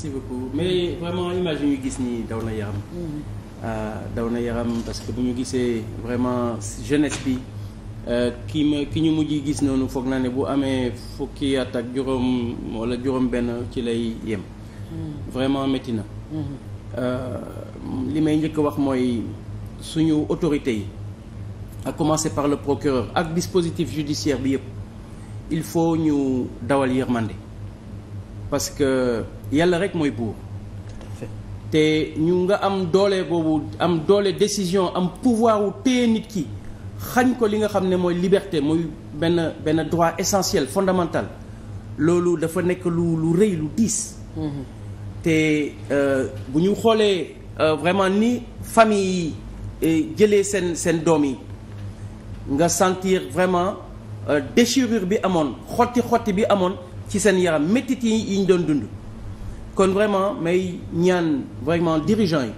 merci beaucoup mais vraiment image yi ñu gis nii daw na yaram. Mm-hmm. Ah, daw na yaram parce que bu ñu gisee vraiment jeunesse bi euh, ki ma ki ñu mujj gis noonu foog naa ne bu amee fukki at ak juróom wala juróom-benn ci lay yem. Mm-hmm. vraiment métti na. Mm-hmm. Euh, li may njëkk wax mooy suñu autorité yi. à commencer par le procureur ak dispositif judiciaire bi yëpp il faut ñu dawal yërmande parce que. yàlla rek mooy buur te ñu nga am doole boobu am doole décision am pouvoir wu téye nit ki xañ ko li nga xam ne mooy liberté mooy benn benn droit essentiel fondamental loolu dafa nekk lu lu rëy lu diis mhm. te euh, bu ñu xoolee euh, vraiment ni famille yi euh, jëlee seen seen doom yi nga sentir vraiment déchirure bi amoon xotti xotti bi amoon ci seen yaram métit yi ñu doon dund kon vraiment may ñaan vraiment dirigeant yi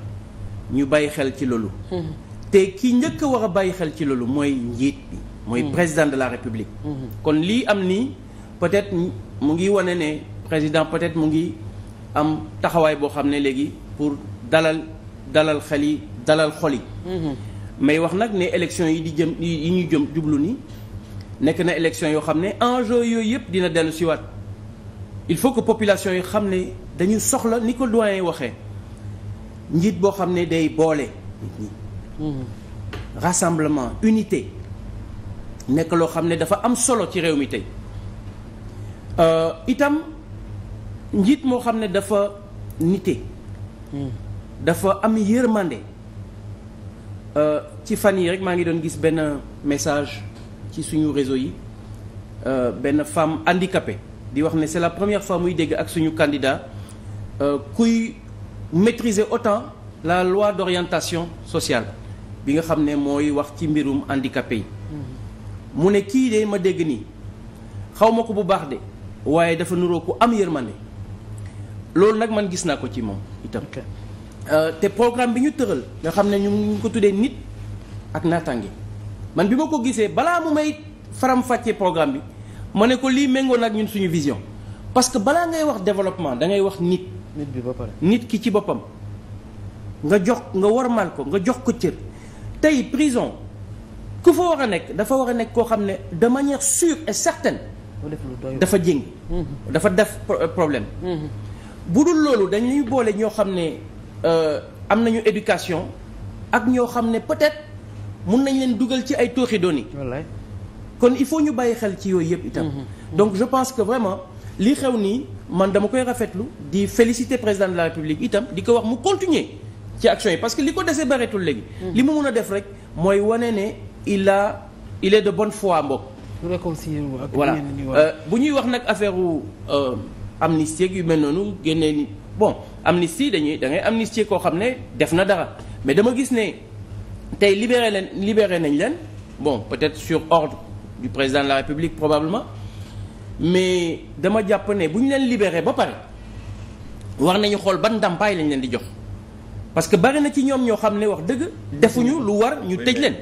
ñu bàyyi xel ci loolu te ki njëkk war a bàyyi xel ci loolu mooy njiit bi mooy président de la république kon lii am nii peut-être mu ngi wane ne président peut-être mu ngi am taxawaay boo xam ne léegi pour dalal dalal xel yi dalal xol yi mais wax nag ne élection yi di jëm yi ñu jëm jublu ni nekk na élection yoo xam ne enjeu yooyu yëpp dina dellu siwaat il faut que population yi xam ne dañu soxla ni ko doyen waxee njiit boo xam ne day boole nit ñi rassemblement unité nekk loo xam ne dafa am solo ci réew mi tey euh, itam njiit moo xam ne dafa nite dafa am yërmande euh, ci fan yi rek maa ngi doon gis benn message ci suñu réseau yi euh, benn femme handicapée di wax ne c'est la première fois muy dégg ak suñu candidat euh, kuy maîtriser autant la loi d'orientation sociale bi nga xam ne mooy wax ci mbirum handicapé yi mu ne kii de ma dégg nii xaw ma ko bu baax de waaye dafa nuroo ku am yërmande loolu nag man gis naa ko ci moom itam euh, te programme bi ñu tëral nga xam ne ñu ngi ko tuddee nit ak naataange man bi ma ko gisee balaa mu may faram-fàccee programme bi ma ne ko lii méngoo nag ñun suñu vision parce que balaa ngay wax développement dangay wax nit. nit bi ba nit ki ci boppam. nga jox nga war mal ko nga jox ko cër tey prison ku fa war a nekk dafa war a nekk koo xam ne de manière sûre et certaine. dafa jéng mm-hmm. dafa def euh, problème. Mm-hmm. bu dul loolu dañuy boole ñoo xam ne euh, am nañu éducation ak ñoo xam ne peut-être mun nañ leen dugal ci ay tooxi doon yi kon il faut ñu bàyyi xel ci yooyu yëpp itam. Mhm. donc je pense que vraiment li xew nii man dama koy rafetlu di féliciter président de la république itam di ko wax mu continuer ci action yi parce que li ko desee bareetul léegi. Mhm. li mu mun a def rek mooy wane ne il a il est de bonne foi mbokk. réconcilier euh, voilà bu ñuy wax nag affaire euh, amnistie yu mel noonu génnee ni bon amnistie dañuy da ngay koo xam ne def na dara mais dama gis ne tey libéré leen libéré nañ leen bon peut-être du président de la République probablement mais dama jàpp ne bu ñu leen libéré ba pare war nañu xool ba ndàmpaay lañ leen di jox parce que bari na ci ñoom ñoo xam ne wax dëgg defuñu lu war ñu tëj leen